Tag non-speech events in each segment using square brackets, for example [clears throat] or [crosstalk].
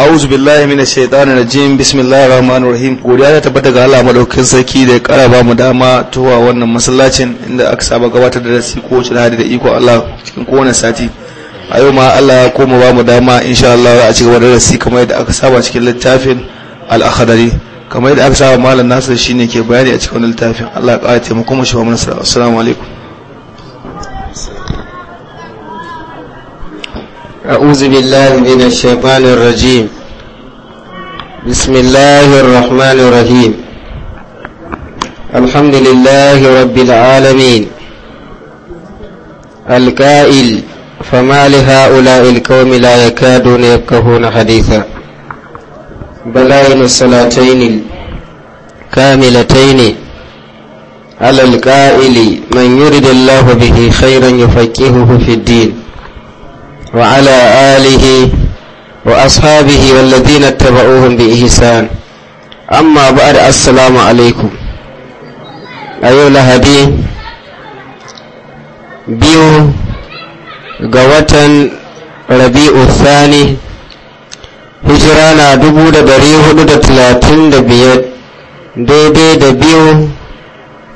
a'udhu billahi minash shaitani rajim bismillahir rahmanir rahim godiya ta tabbata ga Allah madaukakin sarki da ya kara ba mu dama tuwa wannan masallacin inda aka saba gabatar da darasi ko wacce hadi da iko Allah cikin kowane sati a yau ma Allah ya koma ba mu dama insha Allah za a ci gaba da darasi kamar yadda aka saba cikin littafin al-akhdari kamar yadda aka saba malam Nasir shine ke bayani a cikin littafin Allah ya kara taimako mu shi wa mun assalamu alaikum أعوذ بالله من الشيطان الرجيم بسم الله الرحمن الرحيم الحمد لله رب العالمين الكائل فما لهؤلاء القوم لا يكادون يفقهون حديثا بلائن الصلاتين الكاملتين على القائل من يرد الله به خيرا يفكهه في الدين وعلى آله وأصحابه والذين اتبعوهم بإحسان أما بعد السلام عليكم أيها الهدي biyu ga watan rabi'u Sani. hijira na dubu da dari hudu da talatin da biyar daidai da biyu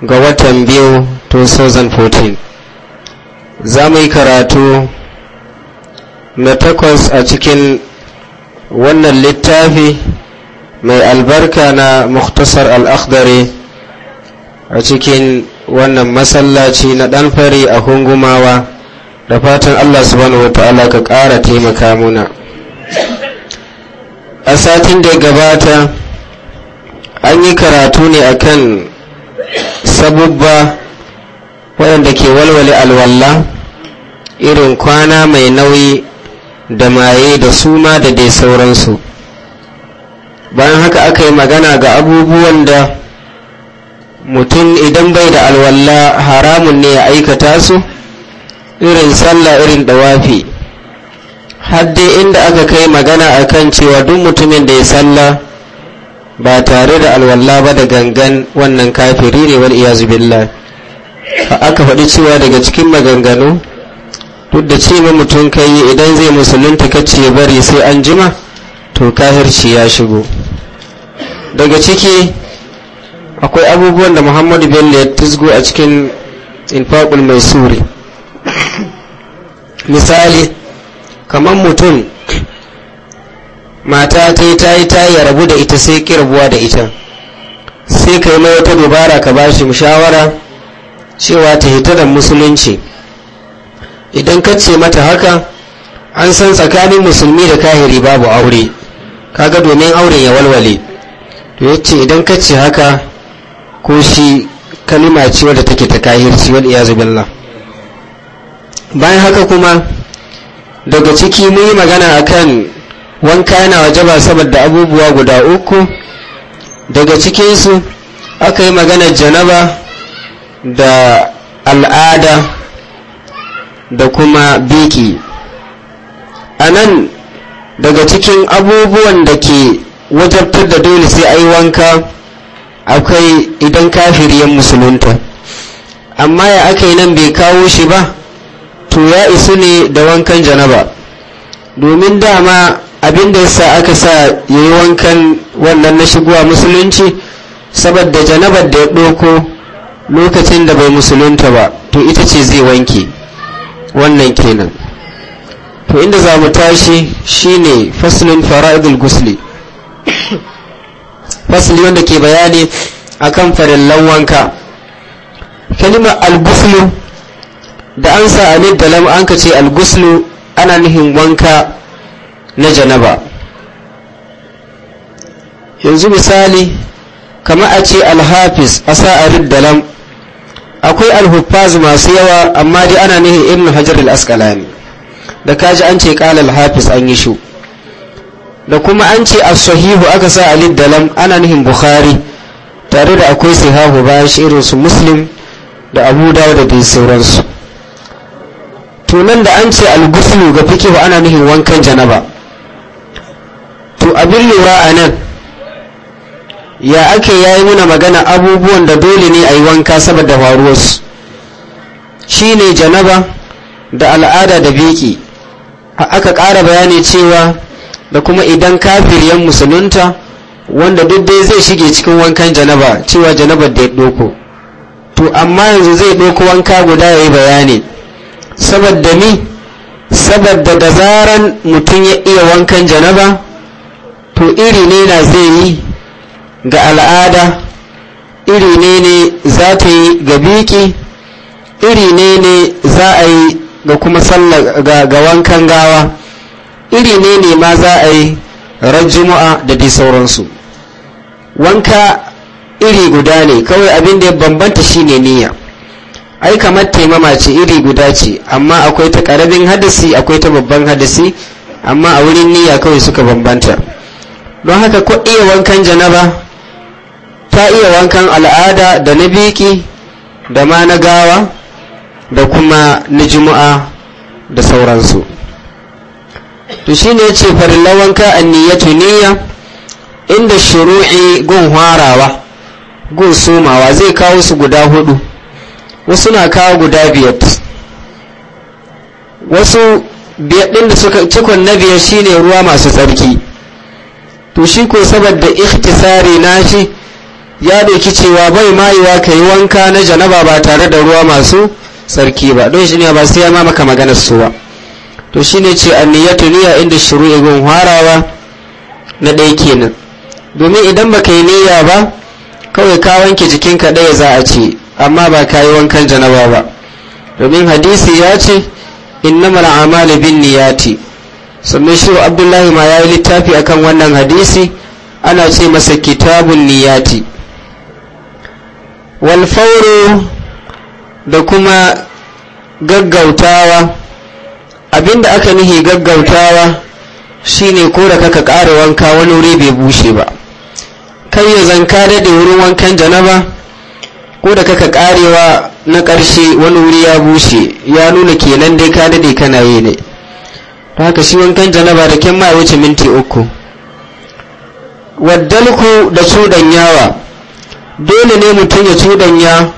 ga watan biyu 2014 za mu yi karatu na takwas a cikin wannan littafi mai albarka na muktasar al'akhdari a cikin wannan masallaci na ɗan fari a hungumawa da fatan allah subhanahu wa ta'ala ka ƙara taimaka muna a satin da gabata an yi karatu ne akan sabubba waɗanda ke walwale alwallah irin kwana mai nauyi da maye da suma da dai sauransu bayan haka aka yi magana ga abubuwan da mutum idan bai da alwallah haramun ne ya aikata su irin sallah irin dawafi dai inda aka kai magana a kan cewa duk mutumin da ya sallah ba tare da alwalla ba da gangan wannan kafiri ne wal iyazu billah aka faɗi cewa daga cikin maganganu duk da ce mutum ka yi idan zai musulunta ka ya bari sai an jima to kahirci ya shigo daga ciki akwai abubuwan da muhammadu bello ya tusgo a cikin infaqul mai suri [coughs] misali kamar mutum mata ta yi ta yi ta rabu da ita sai rabuwa da ita sai kai yi mai wata dubara ka ba shi shawara cewa ta hita da musulunci idan ka ce mata haka an san tsakanin musulmi da kahiri babu aure kaga domin auren ya walwale to ya ce idan ka ce haka ko shi kalima ce wadda take ta kahirci wal iyazu billah bayan haka kuma daga ciki mun yi magana akan wanka yana wajaba saboda abubuwa guda uku daga cikinsu aka yi maganar janaba da al'ada da kuma biki a nan daga cikin abubuwan da ke wajabtar da dole sai a yi wanka akwai idan kafiriyan musulunta amma ya aka yi nan bai kawo shi ba to ya isu ne da wankan janaba domin dama abinda ya sa aka sa ya yi wankan wannan na shigowa musulunci saboda janabar da ya ɗauko lokacin da bai musulunta ba to ita ce zai wanke wannan kenan to inda za mu tashi shine faslin fara'idul gusli fasli wanda ke bayani akan farillan wanka kalima al-guslu da an sa a da an ka ce al-guslu ana nuhin wanka na janaba yanzu misali kama a ce alhafis a sa a da akwai alhuffaz masu yawa amma dai ana nihin ibn hajar al-asqalani da kaji an ce qala al-hafiz an yi shu da kuma an ce as-sahihu aka sa alid dalam ana nihin bukhari tare da akwai sahihu bayan shirinsu su muslim da abu dawud da sauransu to nan da an ce al-ghuslu ga fikihu ana nihin wankan janaba to abin lura anan ya ake ya yi mana magana abubuwan da dole ne a yi wanka saboda faruwarsu shi ne janaba da al'ada da biki aka ƙara bayani cewa da kuma idan yan musulunta wanda duk dai zai shige cikin wankan janaba cewa janabar da ya ɗoko to amma yanzu zai ɗoko wanka guda ya yi bayani saboda ni saboda da zaran mutum ya iya wankan janaba to iri ne na zai yi ga al'ada iri ne ne za ta yi ga biki iri ne ne za a yi ga kuma sallar ga wankan gawa iri ne ne ma za a yi ran juma'a da dai sauransu wanka iri guda ne kawai abin da ya bambanta shine niyya ai kamar taimama ce iri guda ce amma akwai ta karamin hadasi akwai ta babban hadasi amma a wurin niyya kawai suka bambanta don haka ko iya wankan janaba ta iya wankan al'ada da na biki da ma na gawa da kuma na jimu'a da sauransu to shi ne ce farillan wanka an niyyatu niyya inda shuru'i gun harawa gun somawa zai kawo su guda hudu wasu na kawo guda biyar wasu biyar ɗin da suka cikon na biyar shine ruwa masu tsarki to shi ko saboda ikhtisari na shi ya doki cewa bai mayuwa ka yi wanka na janaba ba tare da ruwa masu sarki ba don shi ne ba sai ya ma maka maganar su ba to shi ne ce anniyatu niyya inda shiru igun harawa na ɗaya kenan domin idan baka yi niyya ba kawai ka wanke jikinka ɗaya za a ce amma ba ka yi wankan janaba ba domin hadisi ya ce innamal amala bin niyyati sannan shi abdullahi ma ya yi littafi akan wannan hadisi ana ce masa kitabun niyati walfauro da kuma gaggautawa abinda aka nihi gaggautawa shine ko da kaka ƙara wanka wani wuri bai bushe ba kai ya zanka daɗe wurin wankan janaba ko da kaka ƙarewa na ƙarshe wani wuri ya bushe ya nuna kenan dai ka daɗe kana yi ne ta haka shi wankan janaba da kyan ma wuce minti uku waddalku da yawa dole ne mutum ya cuɗanya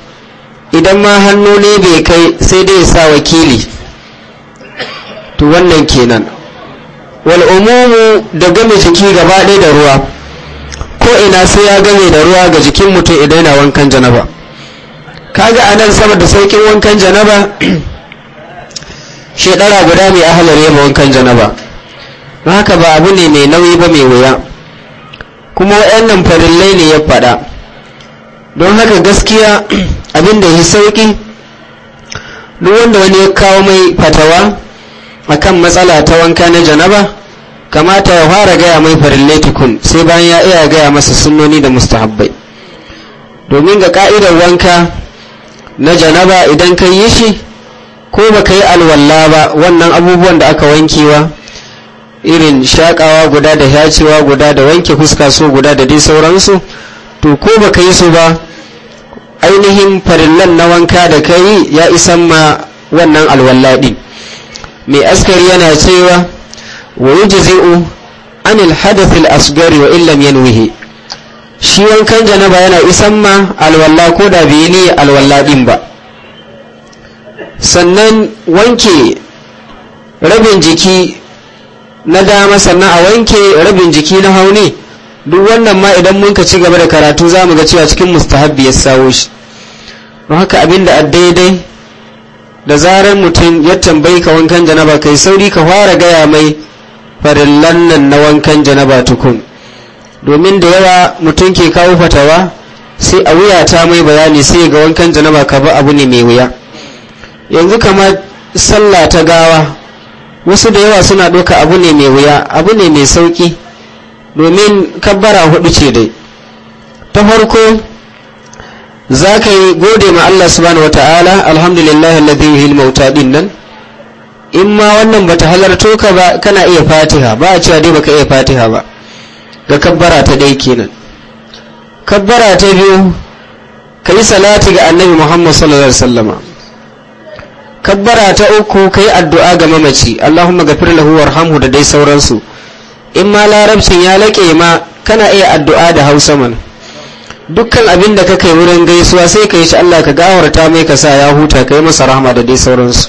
idan ma hannu ne bai kai sai dai sa wakili to wannan kenan wal umumu da game jiki gaba ɗaya da ruwa ko ina sai ya game da ruwa ga jikin mutum idan yana wankan janaba kaga a nan sama da sauƙin wankan janaba [clears throat] shekara guda mai ahalar yaba wankan janaba haka ba abu ne mai nauyi ba mai wuya kuma waɗannan farillai ne ya faɗa don haka gaskiya [clears throat] abin da ya sauki duk wanda wani ya kawo mai fatawa akan matsala ta wanka na janaba kamata ya fara gaya mai farin sai bayan ya iya gaya masa sunnoni da mustahabbai domin ga ka'idar wanka na janaba idan ka yi shi ko ba ka yi alwalla ba wannan abubuwan da aka wankewa irin shakawa guda da yacewa guda da wanke fuska so guda da dai sauransu to ko baka yi su ba ainihin farillan na wanka da ka ya isan ma wannan alwallaɗi mai askari yana cewa wa yujzi'u anil hadathil asgari wa illam yanwihi shi wankan janaba yana isan ma alwalla ko da bai ne alwalla din ba sannan wanke rabin jiki na dama sannan a wanke rabin jiki na hauni duk wannan ma idan mun ka ci gaba da karatu za mu ga cewa cikin mustahabbi ya sawo shi don haka abinda a daidai da zarar mutum ya tambayi ka wankan janaba kai sauri ka fara gaya mai farillan nan na wankan janaba tukun domin da yawa mutum ke kawo fatawa sai a wuya mai bayani sai ga wankan janaba ka ba abu ne mai wuya yanzu kama sallah ta gawa wasu da yawa suna ɗauka abu ne mai wuya abu ne mai sauƙi domin kabbara hudu ce dai ta farko za ka yi gode ma Allah subhanahu wa ta'ala alhamdulillah alladhi yuhil mauta din nan in ma wannan bata halarto ka ba kana iya fatiha ba a cewa dai baka iya fatiha ba ga kabbara ta dai kenan kabbara ta biyu ka yi salati ga annabi muhammad sallallahu alaihi wasallama kabbara ta uku ka yi addu'a ga mamaci allahumma gafir lahu warhamhu da dai sauransu in ma larabcin ya laƙe ma kana iya addu'a da hausa mana dukkan abin da ka kai wurin gaisuwa sai ka yi shi Allah ka gawarta mai ka sa ya huta ka yi masa rahama da dai sauransu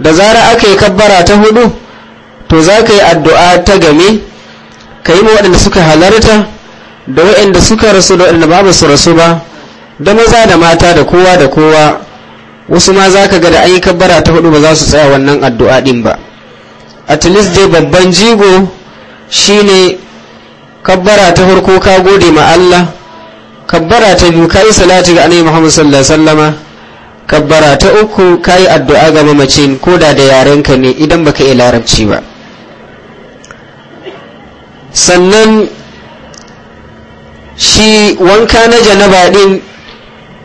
da zara aka yi kabbara ta hudu to za ka yi addu'a ta game ka yi ma waɗanda suka halarta da waɗanda suka rasu da waɗanda ba su rasu ba da maza da mata da kowa da kowa wasu ma za ka ga da an yi kabbara ta hudu ba za su tsaya wannan addu'a ɗin ba at least dai babban jigo Shi ne kabbara ta farko ka gode ma Allah kabbara ta biyu ka yi salati ga annabi Muhammad sallallahu alaihi wasallama kabbara ta uku ka yi addu'a ga mamacin ko da yarenka ne idan baka yi larabci ba sannan shi wanka na janaba din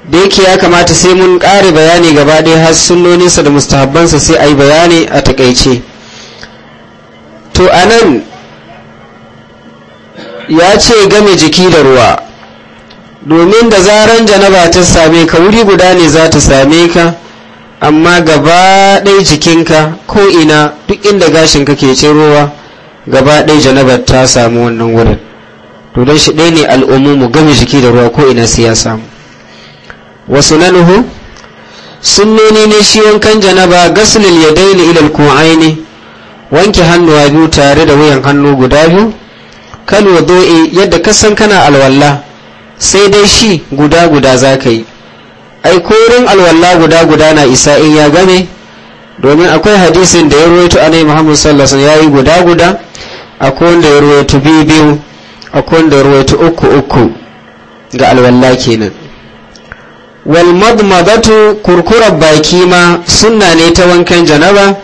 da yake ya kamata sai mun ƙare bayani gaba ɗaya har sunnoninsa da mustahabbansa sai ayi bayani a takaice to a nan ya ce game jiki da ruwa domin da zaran janaba ta same ka wuri guda ne za ta same ka amma gaba ɗai jikinka ko ina duk inda gashin ka ke cin ruwa gaba ɗai janabar ta samu wannan wurin to don shi ɗai ne al'ummu game jiki da ruwa ko ina sai ya samu wasu nanuhu sunnoni ne shi wankan janaba gasulil ya daina ilal kuma wanke hannuwa biyu tare da wuyan hannu guda biyu kal wudu'i yadda ka san kana alwalla sai dai shi guda guda za ka yi ai korin alwalla guda guda na isa in ya game domin akwai hadisin da ya ruwaito annabi Muhammad muhammadu sallasa ya yi guda guda akwai wanda ya ruwaito biyu biyu akwai wanda ya ruwaito uku uku ga alwalla kenan wal madmadatu kurkurar baki ma sunna ne ta wankan janaba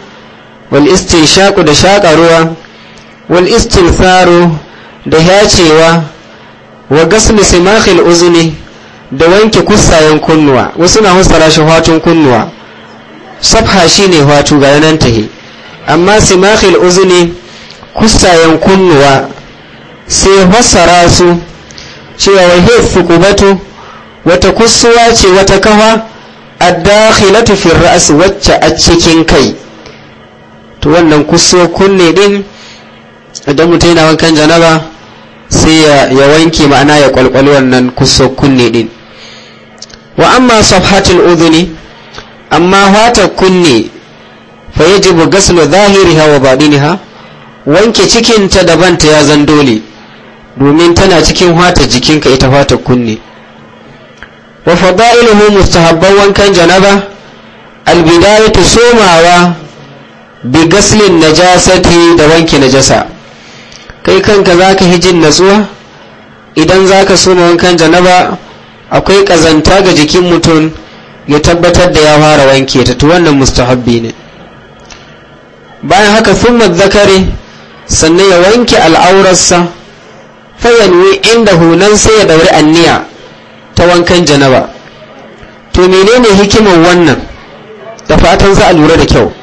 wal shaku da shaƙa ruwa wal da yacewa wa gasli simakhil uzni da wanke kusayen kunnuwa wasu na hussara shi hatun kunnuwa safha shine hatu ga nan tahi amma simakhil uzni kusayen kunnuwa sai hussara su cewa wa hifu kubatu wata kusuwa ce wata kafa addakhilatu fi ra's wacce a cikin kai to wannan kusuwa kunne din idan mutai na wankan janaba sai ya wanke ma'ana ya kwalkwali wannan kuso kunne din wa amma safhatul udhuni amma hata kunne fa yajibu ghaslu zahiriha wa batiniha wanke cikinta daban ta ya zan dole domin tana cikin fatar jikinka ita hata kunne wa fada'iluhu mustahabban wankan janaba albidayatu somawa bi ghaslin najasati da wanke najasa kai kanka za ka jin natsuwa idan za ka soma wankan janaba akwai ƙazanta ga jikin mutum ya tabbatar da ya fara wanke ta tu wannan mustahabbi ne bayan haka thumma zakari sannan ya wanke al'aurarsa fayanwi inda hunan sai ya dauri anniya ta wankan janaba to menene hikimar wannan da fatan za a lura da kyau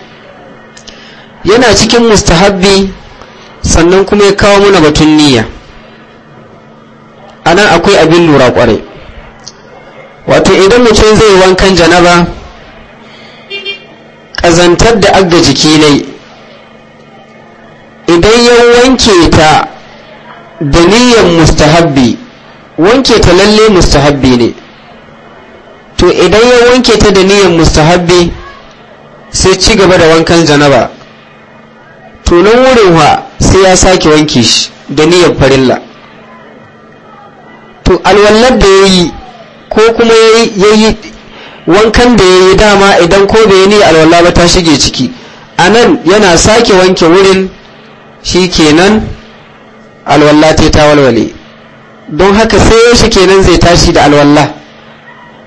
yana cikin mustahabbi sannan kuma ya kawo mana batun niyya a nan akwai abin lura kwarai wato idan mutum zai yi wankan janaba ƙazantar da agga jiki ne idan ya wanke ta da niyyar mustahabbi wanke ta lalle mustahabbi ne to idan ya wanke ta da niyyar mustahabbi sai ci gaba da wankan janaba to wurin wa sai ya sake wanke shi da niyyar farilla to alwallar da ya yi ko kuma ya wankan da ya yi dama idan ko da ya niyyar alwallah ba ta shige ciki a nan yana sake wanke wurin shi kenan alwallah ta ta walwale don haka sai yaushe kenan zai tashi da alwallah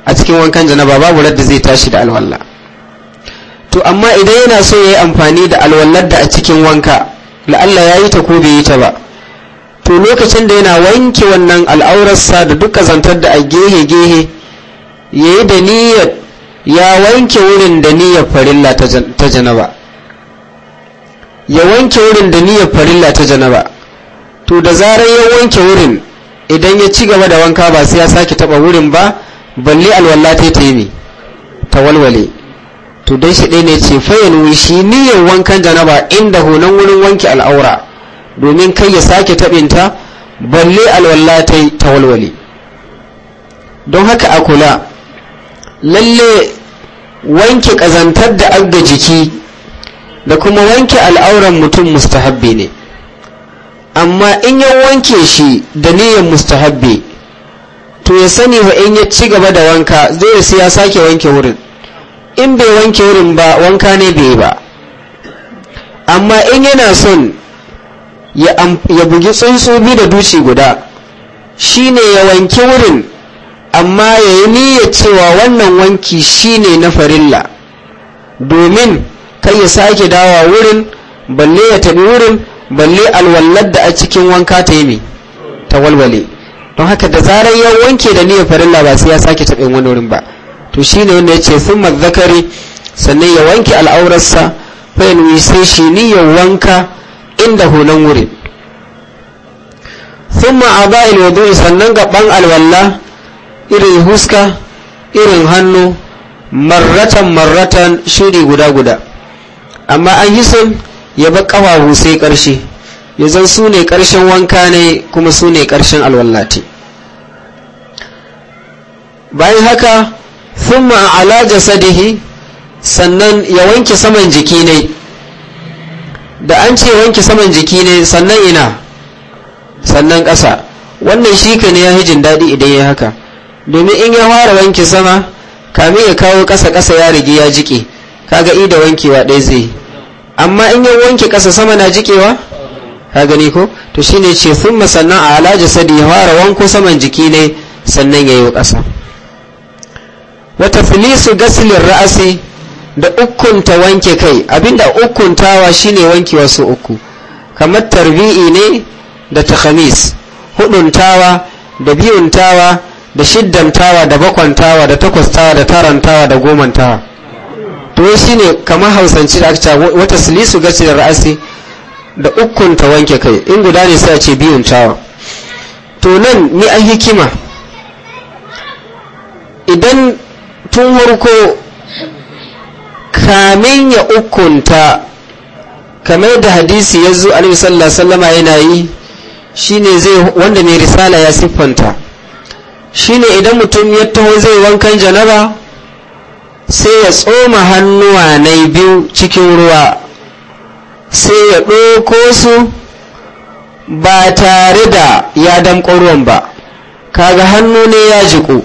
a cikin wankan janaba babu radda zai tashi da alwallah to amma idan yana so ya yi amfani da alwallar da a cikin wanka la'alla ya yi ta ko bai yi ta ba to lokacin da yana wanke wannan al'aurarsa da duka zantar da a gehe-gehe ya yi da niyyar ya wanke wurin da niyyar farilla ta janaba ya wanke wurin da niyyar farilla ta janaba to da zarar ya wanke wurin idan ya ci gaba da wanka ba sai ya sake taba wurin ba balle alwallata ta yi ne ta walwale to dai shi ɗaya ne ce fayin shi niyyar wankan janaba inda honan wurin wanke al'aura domin kai ya sake taɓinta balle alwala ta ta walwale don haka a kula lalle wanke ƙazantar da agga jiki da kuma wanke al'auran mutum mustahabbi ne amma in yi wanke shi da niyyar mustahabbi to ya sani wa in ya ci gaba da wanka zai sai ya sake wanke wurin in bai wanke wurin ba wanka ne bai ba amma in yana son ya bugi tsuntsu bi da duci guda shine ya wanke wurin amma ya yi niyyar cewa wannan wanki shine na farilla domin kai ya sake dawa wurin balle ya tabi wurin balle alwallar da a cikin wanka ta yi ta walwale don haka da zarar ya wanke da niyyar farilla ba sai ya sake taɓin wani wurin ba to shine wanda yace sun zakari sannan ya wanke al'aurarsa bayan sai shi ya wanka inda hulan wurin thumma aba'il wudu'i sannan gaban alwalla irin huska irin hannu marratan marratan shiri guda guda amma an yi sun ya bar kafafu sai karshe ya zan su ne karshen wanka ne kuma su ne karshen alwallati bayan haka thumma ala jasadihi sannan ya wanke saman jiki ne da an ce wanke saman jiki ne sannan ina sannan ƙasa wannan shi ka ne ya jin daɗi idan ya haka domin in ya fara wanke sama kamin ya kawo ƙasa ƙasa ya rigi ya jike kaga i da wankewa ɗaya zai amma in ya wanke ƙasa sama na jikewa ka gani ko to shine ce sun sannan a alaji sadi ya fara wanko saman jiki ne sannan ya yi ƙasa wata filisu gasilin ra'asi da ukunta wanke kai abinda ukuntawa shine wanke wasu uku kamar tarbi'i ne da takhamis huduntawa da biyuntawa da shiddantawa da bakwantawa da takwastawa da tarantawa da gomantawa to shine kamar hausanci da aka wata silisu gasilin ra'asi da ukunta wanke kai in guda ne sai a ce biyuntawa to nan ni an hikima idan tun warko kamin ya ukunta kamar da hadisi ya zo alaihi sallallahu sallama yana yi shine zai wanda mai risala ya siffanta shine idan mutum ya taho zai wankan janaba sai ya tsoma hannuwa na biyu cikin ruwa sai ya ɗauko su ba tare da ya damƙo ruwan ba kaga hannu ne ya jiƙo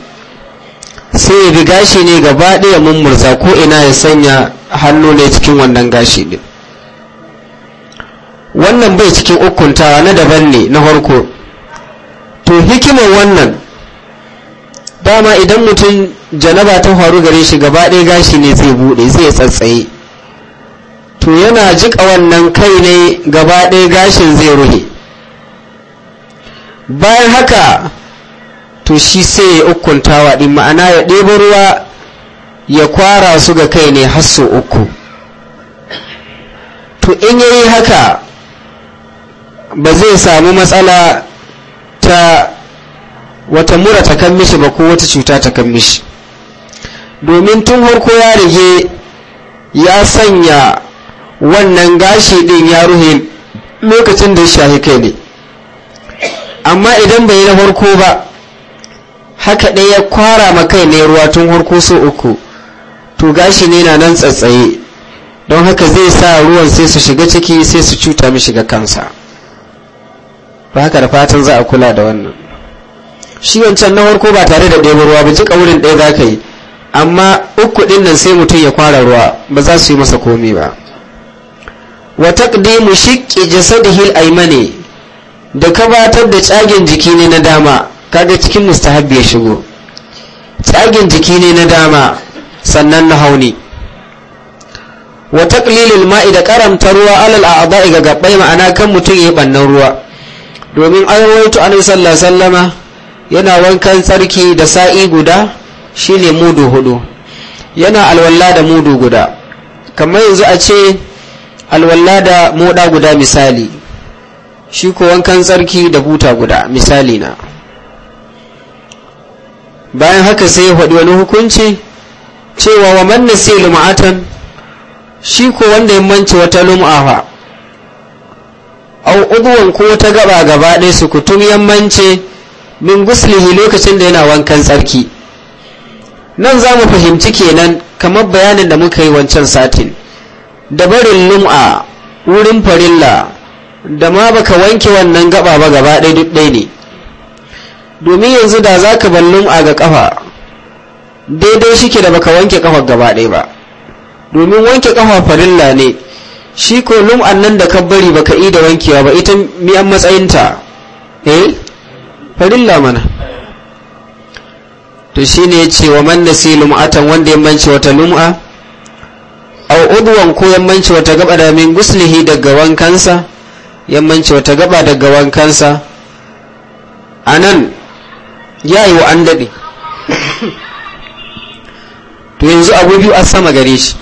sai ya bi gashi ne gaba ɗaya mummurza ko ina ya sanya hannu ne cikin wannan gashi ne wannan bai cikin ukuntawa na daban ne na harko to hikimar wannan dama idan mutum janaba ta faru gare shi gaba ɗaya gashi ne zai buɗe zai tsatsaye to yana jika wannan kai ne gaba ɗaya gashin zai ruhe bayan haka to shi sai ya ukuntawa din ma'ana ya ɗebo ruwa ya kwara su ga kai ne har sau uku to in yi haka ba zai samu matsala ta wata mura ta kan mishi ba ko wata cuta ta kan mishi domin tun harko ya rige ya sanya wannan gashi din ya ruhe lokacin da ya shahi kai ne amma idan bai yi na farko ba haka ɗaya ya kwara ma kai ne ruwa tun harko so uku to gashi ne na nan tsatsaye don haka zai sa ruwan sai su shiga ciki sai su cuta mi shiga kansa ba haka da fatan za a kula da wannan shi wancan na harko ba tare da ɗaya ruwa ba jika wurin ɗaya za ka yi amma uku ɗin nan sai mutum ya kwara ruwa ba za su yi masa komi ba wa taqdimu shiqqi jasadihi al-aymani da kabatar da tsagen jiki ne na dama kaga cikin mustahabbi ya shigo tsagin jiki ne na dama sannan na hauni wa taqlilul ma'i da karamta ruwa alal a'dha'i ga gabbai ma'ana kan mutum ya bannan ruwa domin an annabi sallallahu alaihi yana wankan tsarki da sa'i guda shine mudu hudu yana alwala da mudu guda kamar yanzu a ce alwala da moda guda misali shi ko wankan tsarki da buta guda misali na bayan haka sai ya faɗi wani hukunci cewa wa man nasi lum'atan shi ko wanda ya mance wata lum'a fa aw udwan ko wata gaba gaba ɗaya su kutum yammance min guslihi lokacin da yana wankan tsarki nan za mu fahimci kenan kamar bayanin da muka yi wancan satin da barin lum'a wurin farilla da ma baka wanke wannan gaba ba gaba ɗaya duk ɗaya ne domin yanzu da za ka ballon a ga kafa daidai shi ke da baka wanke kafar gaba ɗaya ba domin wanke kafa farilla ne shi ko lum'an nan da kabbari bari ka yi da wankewa ba ita miyan matsayinta eh farilla mana to shi ne ce wa man nasi lum'atan wanda ya manci wata lum'a au udwan ko ya manci wata gaba da min guslihi daga wankansa ya manci wata gaba daga wankansa anan ya yi wa an daɗe to yanzu abu biyu a sama gare shi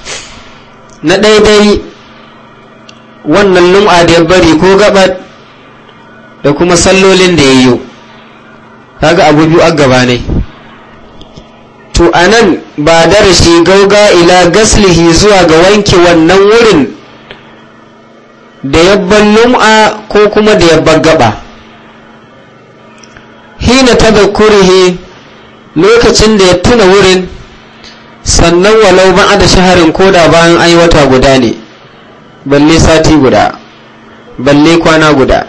na ɗaiɗai wannan lum'a da ya bari ko gabar da kuma sallolin da ya yi kaga abu biyu an gaba ne to a nan ba darashi gauga ila gaslihi zuwa ga wanke wannan wurin da yabban lum'a ko kuma da yabban gaba hina ta da kurihi lokacin da ya tuna wurin sannan walau ba da shaharin koda bayan an yi wata guda ne balle sati guda balle kwana guda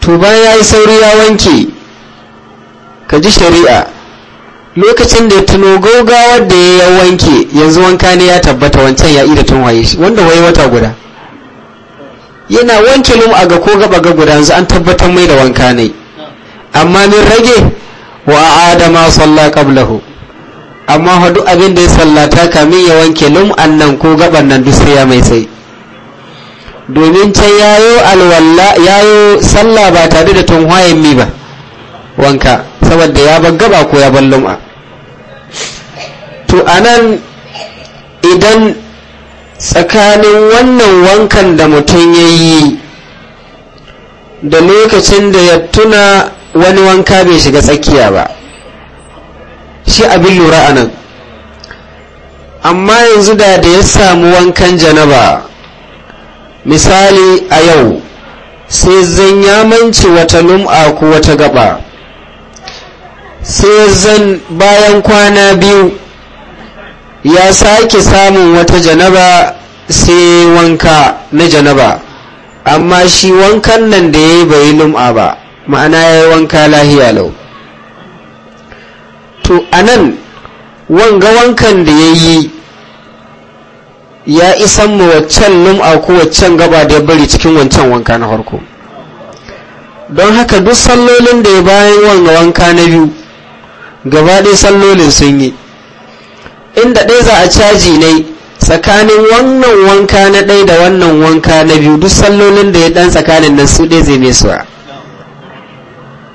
to ya yi sauri ya wanke ka ji shari'a lokacin da ya tuno gaugawar da ya wanke yanzu wanka ne ya tabbata wancan ya ida tun waye wanda waye wata guda yana wanke lum a ga ko gaba ga guda yanzu an tabbatar mai da wanka ne amma min rage wa adama salla qablahu amma hadu abin da ya sallata kamin ya wanke lum annan ko gaban nan duk sai ya mai sai domin can yayo alwalla yayo sallah ba tare da tunhayen mi ba wanka saboda ya bar gaba ko ya bar lum'a to anan idan tsakanin wannan wankan da mutum ya yi da lokacin da ya tuna wani wanka bai shiga tsakiya ba shi abin lura a nan amma yanzu da da ya samu wankan janaba misali a yau sai zan yamanci wata lum'a ko wata gaba sai zan bayan kwana biyu ya sake samun wata janaba sai wanka na janaba amma shi wankan nan da ya yi bai lum'a ba ma'ana ya yi wanka lahiya lau to a nan wanga wankan da ya yi ya isan mu waccan lum'a ko waccan gaba da ya bari cikin wancan wanka na farko don haka duk sallolin da ya bayan wanga wanka na biyu gaba ɗaya sallolin sun yi inda ɗaya za a caji ne tsakanin wannan wanka na ɗaya da wannan wanka na biyu duk sallolin da ya ɗan tsakanin nan su ɗaya zai mesuwa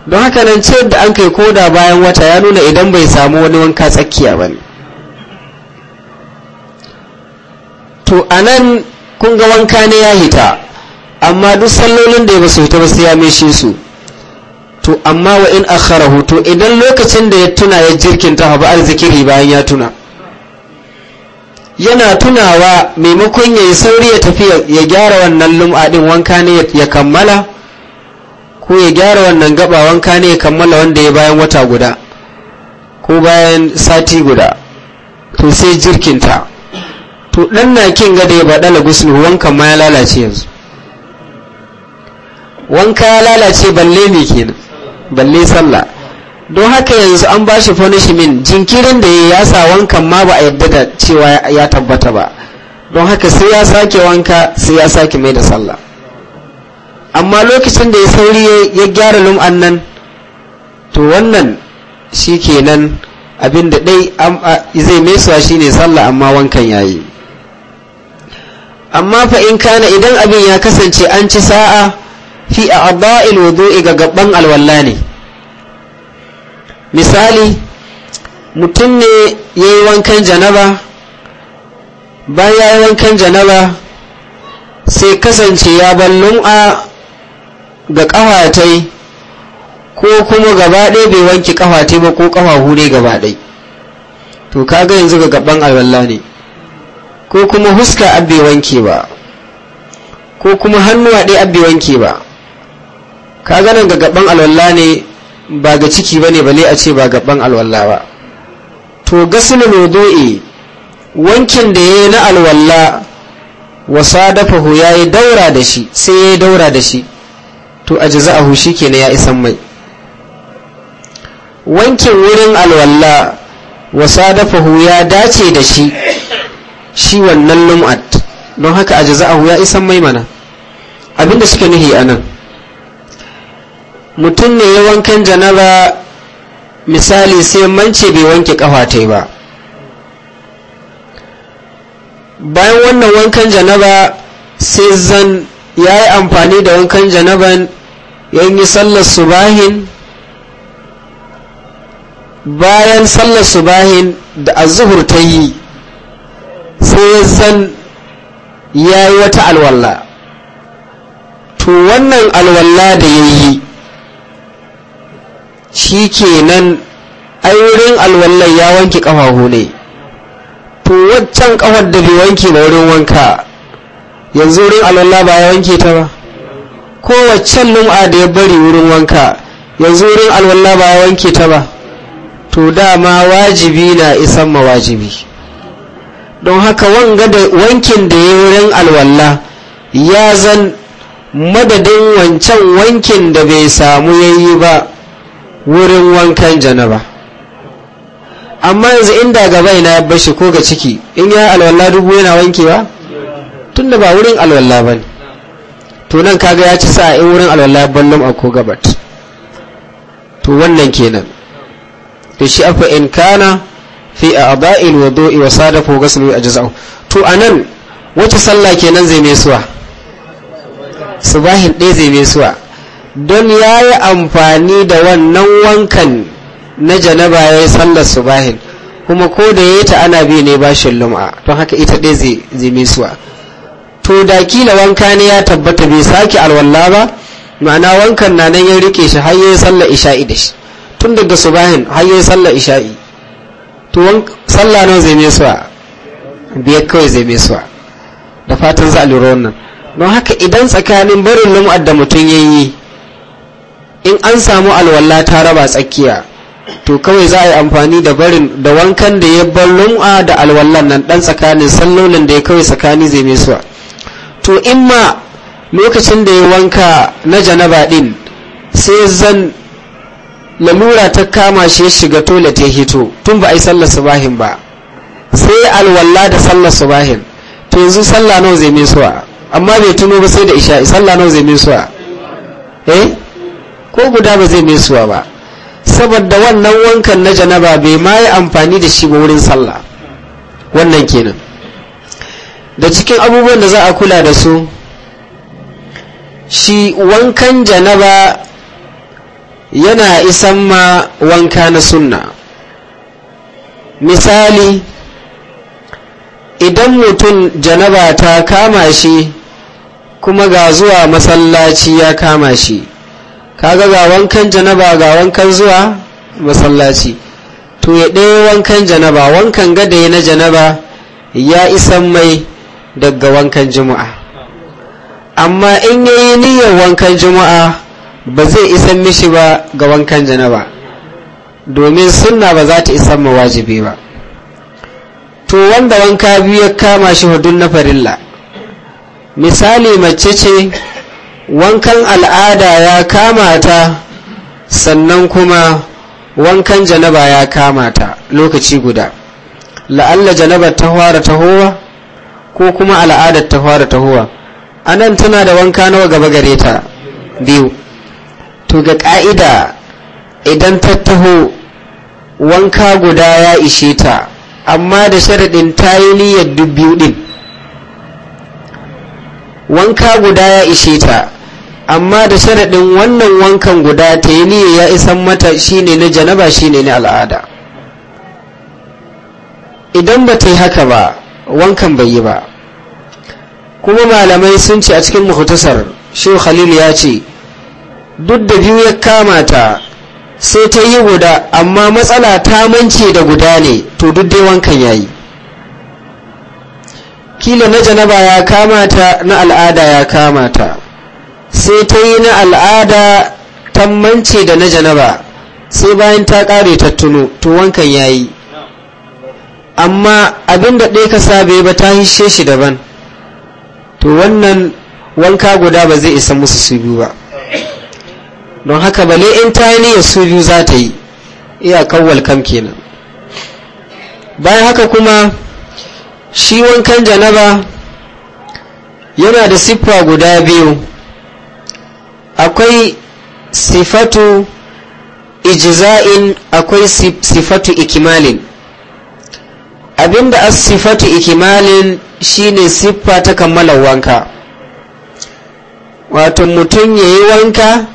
don haka nan ce da an kai koda bayan wata ya nuna idan bai samu wani wanka tsakiya ba ne to a nan kun ga wanka ne ya hita amma duk sallolin da ya basu hita ba sai ya meshe su to amma wa in akhara to idan lokacin da ya tuna ya jirkinta ba arzikiri bayan ya tuna yana tunawa maimakon ya yi sauri ya tafi ya gyara wannan lum'adin wanka ne ya kammala ko ya gyara wannan gaba wanka ne ya kammala wanda ya bayan wata guda ko bayan sati guda to sai jirkinta to dan na kin ga da ya badala gusnu wankan ma ya lalace yanzu wanka ya lalace balle ne kenan balle sallah don haka yanzu an ba shi punishment jinkirin da ya sa wankan ma ba a yadda da cewa ya tabbata ba don haka sai ya sake wanka sai ya sake mai da sallah amma lokacin da ya sauri ya gyara lum'an nan to wannan shi nan abin da ɗai zai mesuwa shi ne sallah amma wankan ya yi amma fa in kana idan abin ya kasance an ci sa'a fi a abba'il ga gaban alwalla ne misali mutum ne ya yi wankan janaba bayan ya yi wankan janaba sai kasance ya ballon a ga kawatai ko kuma gaba ɗaya bai wanke kawatai ba ko ƙawahu ne gaba ɗaya to kaga yanzu ga gaban alwallah ne ko kuma huska abbe wanke ba ko kuma hannuwa ɗaya abbe wanke ba kaga nan ga gaban alwallah ne ba ga ciki bane ne a ce ba gaban alwalla ba to gasilul wudu'i wankin da ya yi na alwala wa sadafahu yi daura da shi sai ya yi daura da shi to a ke na ya isan mai wankin wurin alwalla wa sadafahu ya dace da shi shi wannan lum'at don haka a hu ya isan mai mana abinda suka a anan mutum ne ya wankan janaba misali sai mance bai wanke kafa ta ba bayan wannan wankan janaba sai zan ya yi amfani da wankan janaban ya yi sallar subahin bayan sallar subahin da azuhur ta yi sai zan ya yi wata alwalla to wannan alwalla da ya yi shi ke nan ayurin alwallai ya wanke ƙafafu ne to waccan ƙafar da bai wanke ba wurin wanka yanzu wurin alwallah ba ya wanke ta ba ko waccan lum'a da ya bari wurin wanka yanzu wurin alwallah ba ya wanke ta ba to dama wajibi na isan ma wajibi don haka wanga da wankin da ya wurin alwallah ya zan madadin wancan wankin da bai samu yayi ba wurin wankan janaba amma yanzu inda gaba ina ya bashi ko ga ciki in ya alwala dubu yana wankewa tun da ba wurin alwala ba ne to nan kaga ya ci sa in wurin alwala ya ballon a ko gabat to wannan kenan to shi afa in kana fi a aba'il do'i wa sadafu gaslu a jaza'u to a nan wace sallah kenan zai mesuwa subahin ɗaya zai mesuwa don ya yi amfani da wannan wankan na janaba ya yi sallar su bahin kuma ko da ya yi ta ana bi ne bashin lum'a don haka ita ɗaya zai suwa to da kila wanka ne ya tabbata bai sake alwalla ba ma'ana wankan na nan ya rike shi har yi sallar isha'i da shi tun daga bahin har yi sallar isha'i to sallah nan zai suwa biyar kawai zai suwa da fatan za a lura wannan don haka idan tsakanin barin lum'ar da mutum ya yi in an samu alwala ta raba tsakiya to kawai za a yi amfani da barin da wankan da ya bar lum'a da alwallan nan dan tsakanin sallolin da ya kawai tsakani zai mai suwa to in ma lokacin da ya wanka na janaba din sai zan lalura ta kama shi ya shiga toilet ya hito tun ba a yi sallar subahin ba sai alwalla da sallar subahin to yanzu sallah nawa zai mai suwa amma bai tuno ba sai da isha'i sallah nawa zai mai suwa eh ko guda ba zai mai suwa ba saboda wannan wankan na janaba bai ma yi amfani da shi ba wurin sallah wannan kenan da cikin abubuwan da za a kula da su shi wankan janaba yana isan ma wanka na sunna misali idan mutum janaba ta kama shi kuma ga zuwa masallaci ya kama shi kaga ga wankan janaba ga wankan zuwa masallaci to ya ɗaya wankan janaba wankan gada ya na janaba ya isan mai daga wankan juma'a amma in ya yi niyyar wankan juma'a ba zai isan mishi ba ga wankan janaba domin sunna ba za ta isan ma wajibi ba to wanda wanka biyu ya kama shi hudun na farilla misali mace ce wankan al'ada ya kamata sannan kuma wankan janaba ya kamata lokaci guda la'alla janabar ta fara tahowa ko kuma al'adar ta fara tahowa anan tana da wanka nawa gaba gare ta biyu to ga ka'ida idan ta taho wanka guda ya ishe ta amma da sharaɗin ta yi niyyar duk ɗin wanka guda ya ishe ta amma da sharaɗin wannan wankan guda ta yi niyya ya isan mata shine na janaba shine na al'ada idan ba ta yi haka ba wankan bai yi ba kuma malamai sun ce a cikin muhtasar shehu khalil ya ce duk da biyu ya kama ta sai ta yi guda amma matsala ta mance da guda ne to duk dai wankan ya yi kila na janaba ya kamata na al'ada ya kamata sai ta yi na al'ada tammance da na janaba sai bayan ta kare ta tuno to wankan ya yi amma abin da ɗaya ka sabe ba ta hishe shi daban to wannan wanka guda ba zai isa musu su biyu ba don haka bale in ta yi niyyar su biyu za ta yi iya kawwal kam kenan bayan haka kuma shi wankan janaba yana da siffa guda biyu akwai sifatu ijza'in akwai sifatu ikimalin abinda as sifatu ikimalin shine siffa ta kammala wanka wato mutum ya yi wanka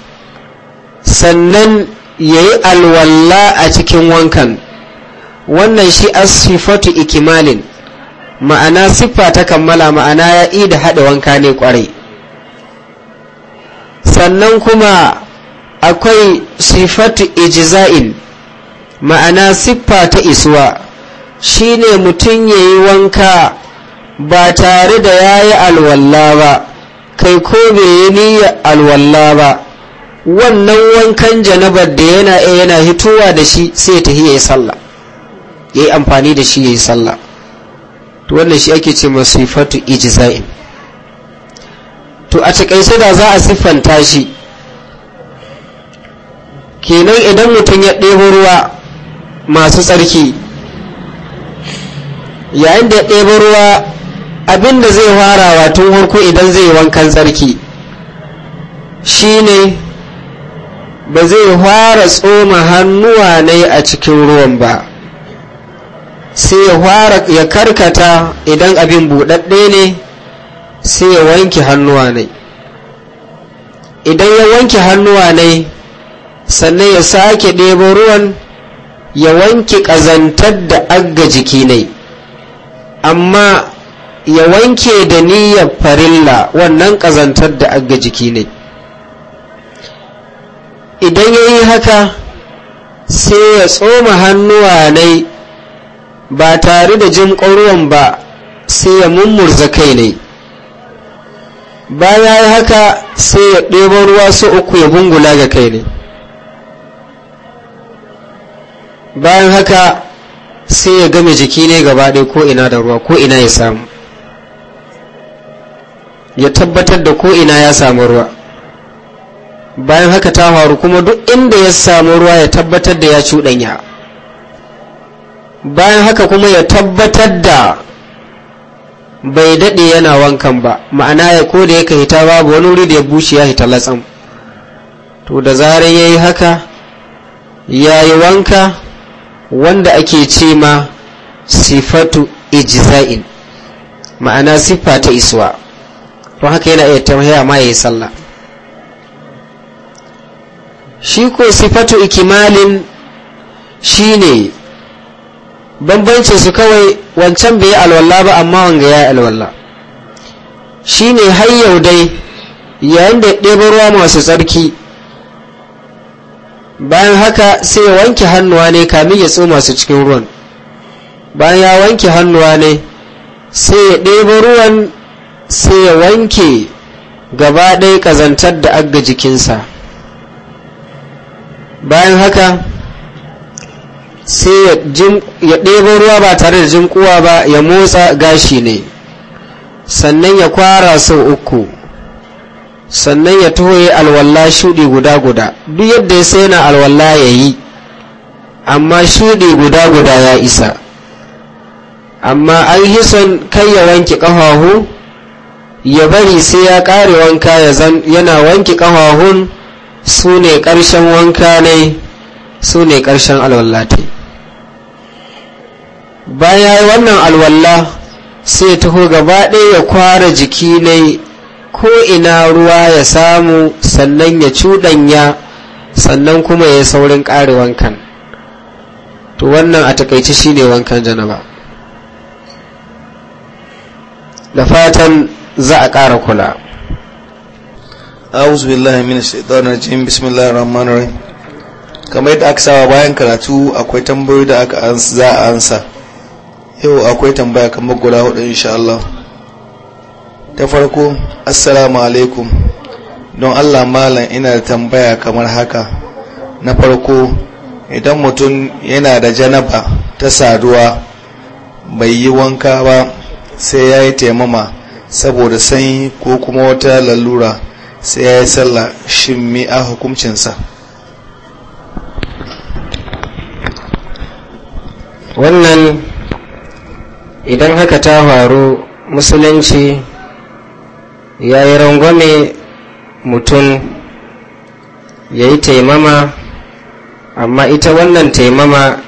sannan ya yi alwalla a cikin wankan wannan shi as sifatu ikimalin ma'ana siffa ta kammala ma'ana ya yi da haɗa wanka ne kwarai sannan kuma akwai sifatu ijiza'in ma'ana siffa ta isuwa shine mutum ya yi wanka ba tare da ya yi alwalla ba kai ko bai yi alwalla ba wannan wankan janabar da yana eh, yana hitowa da shi sai ta yi sallah ya yi amfani da shi ya yi sallah to wannan shi ake ce masifatu ijza'in to a takaice da za a siffanta shi kenan idan mutum ya ɗebo ruwa masu tsarki yayin da ya ɗebo ruwa abin da zai fara tun harko idan zai wankan tsarki shine ba zai fara tsoma hannuwa ne a cikin ruwan ba sai ya fara ya karkata idan abin buɗaɗɗe ne sai ya wanke hannuwa ne idan ya wanke hannuwa ne sannan ya sake ɗebo ruwan ya wanke ƙazantar da agga jiki ne amma ya wanke da niyyar farilla wannan ƙazantar da agga jiki ne idan ya yi haka sai ya tsoma hannuwa ne ba tare da jin ƙwarwan ba sai ya mummurza kai ne baya ya haka sai ya ɗebo ruwa su uku ya bungula ga kai ne bayan haka sai ya game jiki ne gaba ɗaya ko ina da ruwa ko ina ya samu ya tabbatar da ko ina ya samu ruwa bayan haka ta faru kuma duk inda ya samu ruwa ya tabbatar da ya cuɗanya bayan haka kuma ya tabbatar da bai daɗe yana wankan ba ma'ana ya ko da yake hita babu wani wuri da ya bushe ya hita latsam to da zarar ya yi haka ya yi wanka wanda ake ce ma sifatu ijza'in ma'ana sifa ta iswa don haka yana iya tamhaya ma ya sallah shi ko sifatu ikimalin shine bambanci su kawai wancan bai alwala ba amma wanga ya alwala shine har yau dai yayin da ɗebo ruwa masu tsarki bayan haka sai ya wanke hannuwa ne kamin ya tso masu cikin ruwan bayan ya wanke hannuwa ne sai ya ɗebo ruwan sai ya wanke gaba ɗaya ƙazantar da agga jikinsa bayan haka sai ya ɗebo ruwa ba tare da jinkuwa ba ya motsa gashi ne sannan ya kwara sau uku sannan ya toye alwallah shuɗi guda-guda duk yadda ya sai na alwallah ya yi amma shuɗi guda-guda ya isa amma an yi son kai ya wanke ƙafahu ya bari sai ya ƙare wanka yana wanke ƙafahun su ne ƙarshen wanka ne su ne ƙarshen yi bayan ya yi wannan alwalla sai taho gaba ɗaya ya kwara jiki ne ko ina ruwa ya samu sannan ya cuɗanya sannan kuma ya saurin ƙari wankan to wannan a takaice shine wankan janaba da fatan za a ƙara kula a'udhu billahi minash shaitanir rajim bismillahir rahmanir rahim kamar yadda aka sawa bayan karatu akwai tambayoyi da aka za a ansa yau akwai tambaya kamar guda hudu insha Allah ta farko assalamu alaikum don Allah malam ina da tambaya kamar haka na farko idan mutum yana da janaba ta saduwa bai yi wanka ba sai ya yi taimama saboda sanyi ko kuma wata lalura sai ya yi sallah shin mi a hukuncinsa wannan idan haka ta faru musulunci ya yi rangwame mutum ya yi taimama amma ita wannan taimama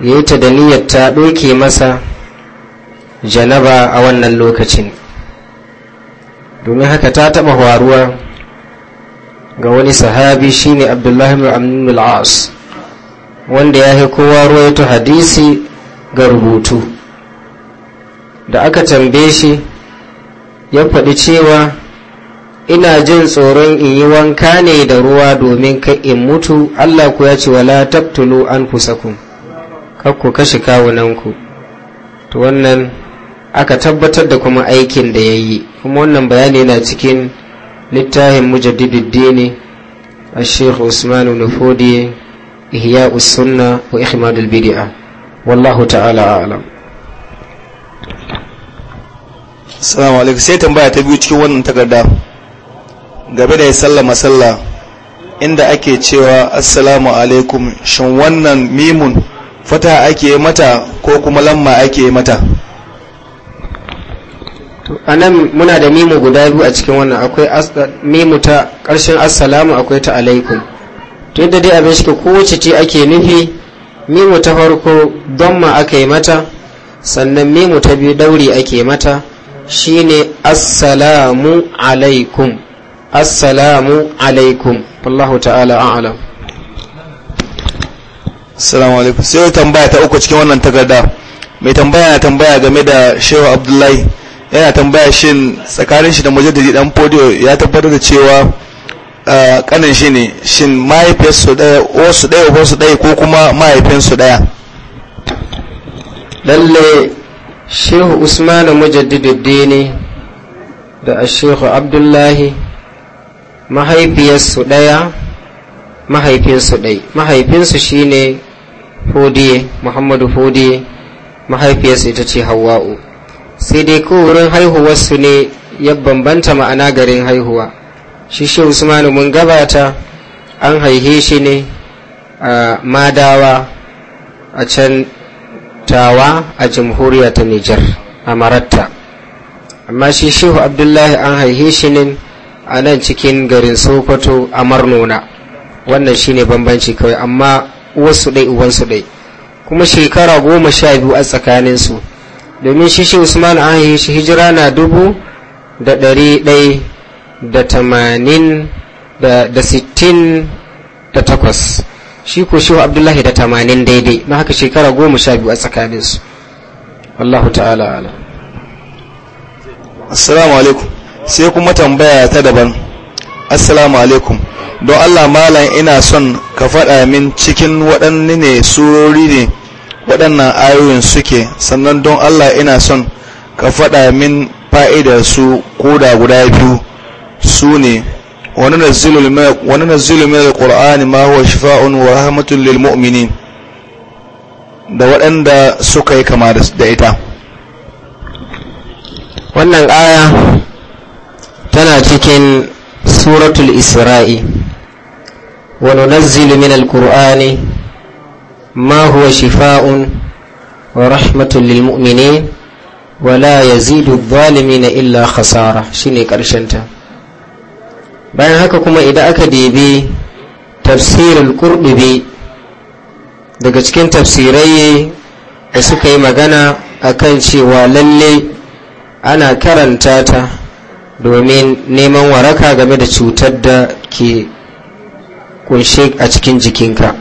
ya yi ta da niyyar ta ɗoke masa janaba a wannan lokacin domin haka ta taɓa faruwa ga wani sahabi shine abdullahi bin al wanda ya kowa ta hadisi ga rubutu da aka tambaye shi ya faɗi cewa ina jin tsoron in yi wanka ne da ruwa domin ka in mutu Allah ku ya ce wala tabtulu an kakku kashe kawunanku to wannan aka tabbatar da kuma aikin da ya yi kuma wannan bayani na cikin littafin mujaddidin dini a sheikh usman nufodi ihya usunna wa ihmadul bid'a wallahu ta'ala a'lam salamu alaikum sai tambaya ta biyu cikin wannan takarda game da ya sallama sallah inda ake cewa assalamu alaikum shin wannan mimun fata ake mata ko kuma lamma ake mata a nan muna da mimu guda biyu a cikin wannan akwai mimu ta ƙarshen assalamu akwai ta alaikum to yadda dai abin shi kowace ce ake nufi mimu ta farko don ma aka yi mata sannan mimu ta biyu dauri ake mata shine assalamu alaikum assalamu alaikum wallahu ta'ala a'lam assalamu alaikum sai tambaya ta uku cikin wannan takarda mai tambaya na tambaya game da shehu abdullahi yana tambaya shin tsakanin shi da mujaddadi dan podio ya tabbatar da cewa kanin shi ne shin mahaifiyarsu daya wasu daya wasu daya ko kuma mahaifinsu daya lalle shehu usman mujaddiduddini da shehu abdullahi mahaifiyarsu ɗaya mahaifinsu ɗai mahaifinsu shine hodiye muhammadu hodiye mahaifiyarsu ita ce hawa'u sai dai kowurin haihuwarsu ne ya bambanta ma'ana garin haihuwa shi shi usmanu mun gabata an haihe shi ne a madawa a can tawa a jamhuriya ta Nijar a Maratta amma shi Shehu Abdullahi an haihe shi ne a nan cikin garin Sokoto a Marnona wannan shi ne bambanci kawai amma wasu ɗai uwansu ɗai kuma shekara goma sha biyu a tsakaninsu domin shi shi Usman an haihe shi hijira na dubu da ɗari ɗai da tamanin da sittin da takwas shi ko shehu abdullahi da tamanin daidai na haka shekara goma sha biyu a tsakaninsu wallahu ta'ala ala assalamu alaikum sai kuma tambaya ta daban assalamu alaikum don allah malam ina son ka faɗa min cikin waɗanne ne surori ne waɗannan ayoyin suke sannan don allah ina son ka faɗa min fa'idar su koda guda biyu su ne وننزل من القرآن ما هو شفاء ورحمة للمؤمنين da waɗanda suka yi kama da ita wannan aya tana cikin suratul isra'i wa nunazzilu min alqur'ani ma huwa shifa'un wa rahmatun lil mu'minin wa la yazidu adh-dhalimina illa khasara shine karshen ta bayan haka kuma idan aka debi tafsirin kurdubi daga cikin tafsirai da suka yi magana akan cewa lalle ana karanta ta domin neman waraka game da cutar da ke kunshe a cikin jikinka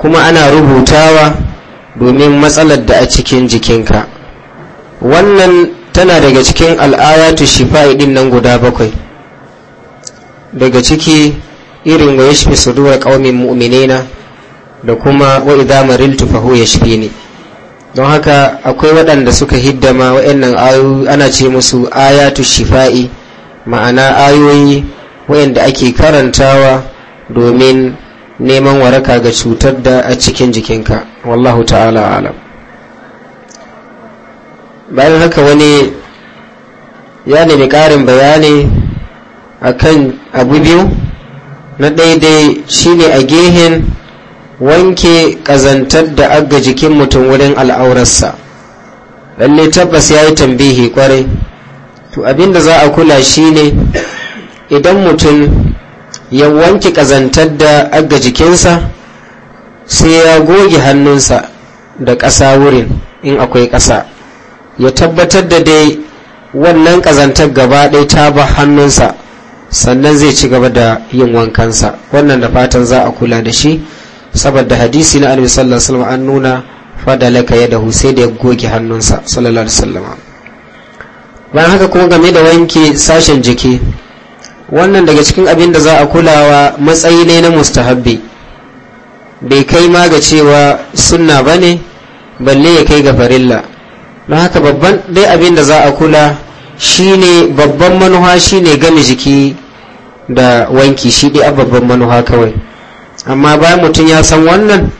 kuma ana rubutawa domin matsalar da a cikin jikinka wannan tana daga cikin al'ayatu shifa'i din nan guda bakwai daga ciki irin wa yashfi sudur qaumin mu'minina da kuma wa idza mariltu fa huwa yashfini don haka akwai waɗanda suka hiddama waɗannan ayoyi ana ce musu ayatu shifa'i ma'ana ayoyi waɗanda ake karantawa domin neman waraka ga cutar da a cikin jikinka wallahu ta'ala alam bayan haka wani ya nemi ƙarin bayani akan abu biyu na daidai shine a gehen wanke ƙazantar da aga jikin mutum wurin al'aurarsa lalle tabbas ya yi tambihi kwarai to abinda za a kula shine idan mutum ya wanke ƙazantar da aga jikinsa sai ya goge hannunsa da ƙasa wurin in akwai ƙasa ya tabbatar da dai wannan ƙazantar gaba ɗaya ta ba hannunsa sannan zai ci gaba da yin wankansa wannan da fatan za a kula da shi saboda hadisi na annabi sallallahu alaihi wasallam an nuna fadalaka da sai da ya goge hannunsa sallallahu alaihi wasallam bayan haka kuma game da wanke sashen jiki wannan daga cikin abin da za a kulawa matsayi ne na mustahabbi bai kai ma ga cewa sunna bane balle ya kai ga farilla don haka babban dai abin da za a kula shine babban manuha shine gami jiki da wanki shi dai babban manuha kawai amma bayan mutum ya san wannan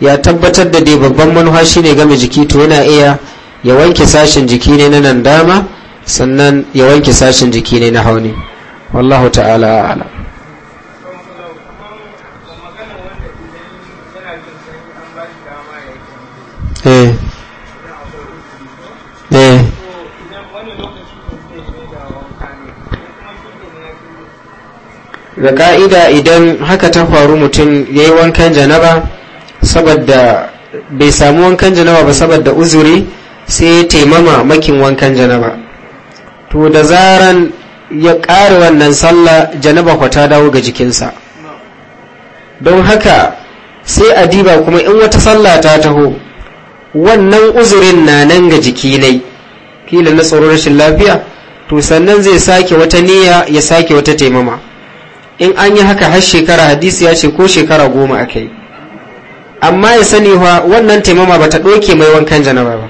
ya tabbatar da dai babban manuha ne gami jiki to yana iya ya wanke sashin jiki ne na nan dama sannan ya wanke sashin jiki ne na hauni wallahu ta'ala ala eh ga ka'ida idan haka ta faru mutum ya yi wankan janaba saboda bai samu wankan janaba ba saboda uzuri sai taimama makin wankan janaba to da zaran ya ƙare wannan sallah janaba kwa ta dawo ga jikinsa don haka sai a diba kuma in wata sallah ta taho wannan uzurin na nan ga jiki ne kila na tsoron rashin lafiya to sannan zai sake wata niyya ya sake wata taimama in an yi haka har shekara hadisi ya ce ko shekara goma a kai amma ya sani wa wannan taimama ba ta ɗauke mai wankan janaba ba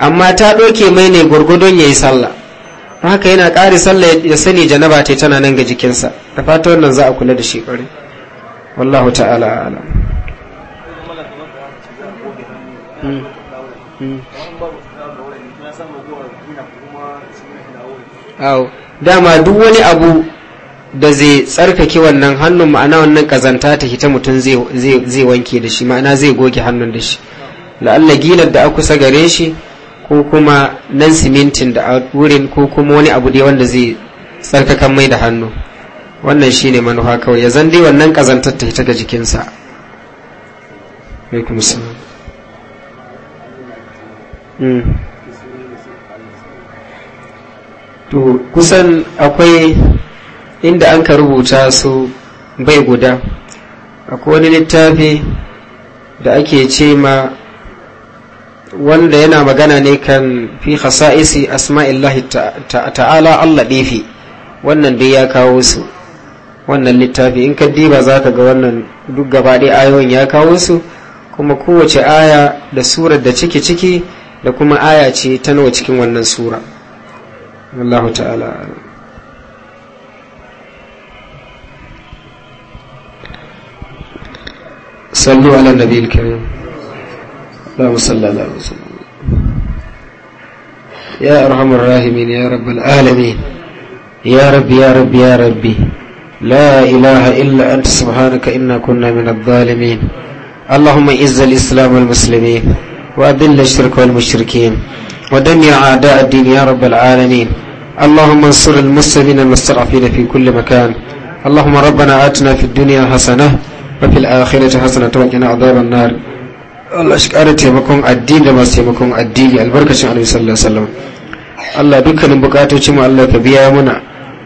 amma ta ɗauke mai ne gwargwadon ya yi sallah haka yana ƙari sallah ya sani janaba ta tana nan ga jikinsa da fata wannan za a kula da shi wallahu ta'ala alam hmm. Hmm. dama duk wani abu da zai tsarkake wannan hannun ma'ana wannan kazanta ta hita mutum zai wanke da shi ma'ana zai goge hannun da shi la'alla gilar da akusa gare shi ko kuma nan simintin da a wurin ko kuma wani abu dai wanda zai tsarkakan mai da hannu wannan shi ne manufa kawai ya zan dai wannan kazantar ta hita ga jikinsa hmm. to kusan akwai inda an ka rubuta su bai guda akwai wani littafi da ake ce ma wanda yana magana ne kan fi khasa'isi asma'illahi ta'ala Allah ɗefi wannan dai ya kawo su wannan littafi in ka diba za ka ga wannan duk gaba ayoyin ya kawo su kuma kowace aya da surar da ciki ciki da kuma aya ce ta nawa cikin wannan sura Allah ta'ala صلوا على النبي الكريم اللهم صل على وسلم يا أرحم الراحمين يا رب العالمين يا رب يا رب يا ربي لا إله إلا أنت سبحانك إنا كنا من الظالمين اللهم إز الإسلام والمسلمين وأذل الشرك والمشركين ودمي أعداء الدين يا رب العالمين اللهم انصر المسلمين المستضعفين في كل مكان اللهم ربنا آتنا في الدنيا حسنة وفي hasana حسنة وقنا عذاب النار Allah shi ƙara taimakon addini da masu taimakon addini albarkacin Annabi sallallahu alaihi wasallam Allah dukkanin bukatoci mu Allah ka biya mana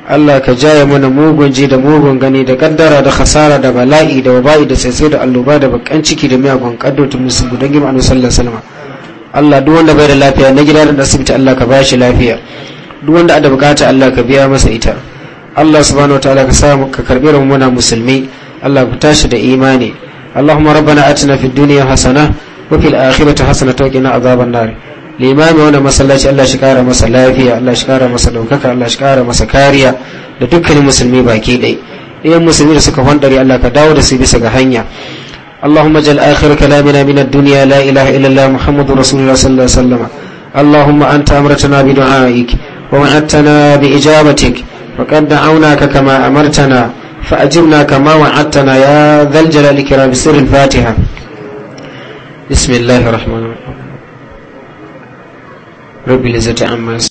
Allah ka jaya mana mugun ji da mugun gani da kaddara da khasara da bala'i da waba'i da tsaitsaye da alluba da bakan ciki da miyagun kaddotin musu gudan gima Annabi sallallahu alaihi wasallam Allah duk wanda bai da lafiya na gida da asibiti Allah ka bashi lafiya duk wanda da bukata Allah ka biya masa ita Allah subhanahu wataala ka sa mu ka karbi muna musulmi Allah ku tashi da imani Allahumma rabbana atina fid dunya hasana wa fil akhirati hasana wa qina azaban nar limami wanda masallaci Allah shi kara masa lafiya Allah shi kara masa daukaka Allah shi kara masa kariya da dukkanin musulmi baki dai ɗayan musulmi da suka fandare Allah ka dawo da su bisa ga hanya اللهم اجعل آخر كلامنا من الدنيا لا إله إلا الله محمد رسول الله صلى الله عليه وسلم اللهم أنت أمرتنا بدعائك ووعدتنا بإجابتك وقد دعوناك كما أمرتنا فأجبنا كما وعدتنا يا ذا الجلال الكرام بسر الفاتحة بسم الله الرحمن الرحيم رب العزة عما